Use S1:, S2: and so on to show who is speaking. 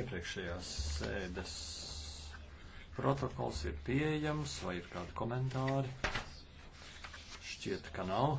S1: iepriekšējās sēdes protokols ir pieejams vai ir kādi komentāri? Šķiet, ka nav.